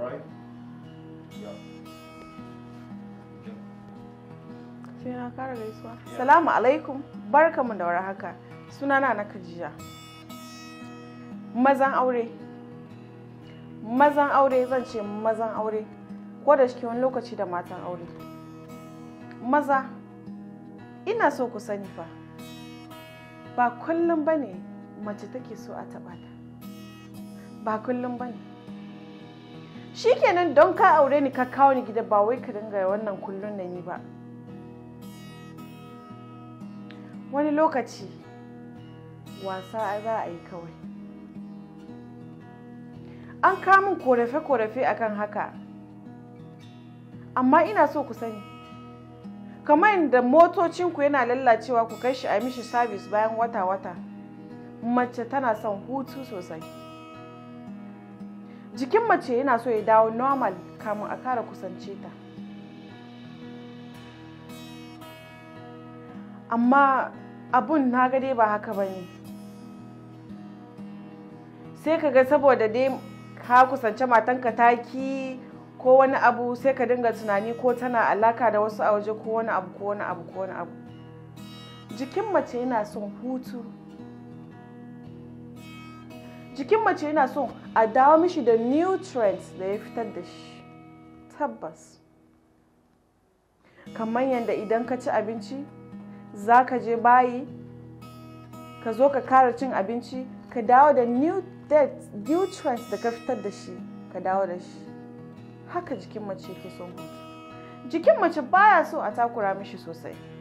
right? Yep. Suna kara gaisuwa. Salamu alaikum, mu da wari haka. Sunana na Khadija. Mazan aure. Mazan aure zan ce mazan aure. Ko da shi wani lokaci da matan aure. Maza, ina so ku sani fa. Ba kullum bane mace take so a taɓa ta. Ba kullum bane. shikenan don ka aure ni ka kawo ni gida ba wai ka dinga wannan kullun da ni ba wani lokaci wasa za a yi kawai an kamun korafe-korafe akan haka amma ina so ku sani kamar inda motocinku yana lallacewa ku kai shi a mishi sabis bayan wata-wata mace tana son hutu sosai jikin mace yana so ya dawo normal kamun a kara kusance ta amma abun na ga dai ba haka ba ne sai ka ga saboda dai ka kusance matanka taki ko wani abu sai ka dinga tunani ko tana alaka da wasu a waje ko wani abu ko wani abu ko wani abu jikin mace yana son hutu jikin mace yana so a dawo mishi da nutrients da ya fitar da shi tabbas kamar yadda idan ka ci abinci za ka je bayi ka zo ka kara cin abinci ka dawo da nutrients da ka fitar da shi ka dawo da shi haka jikin mace ke son hutu jikin mace baya so a takura mishi sosai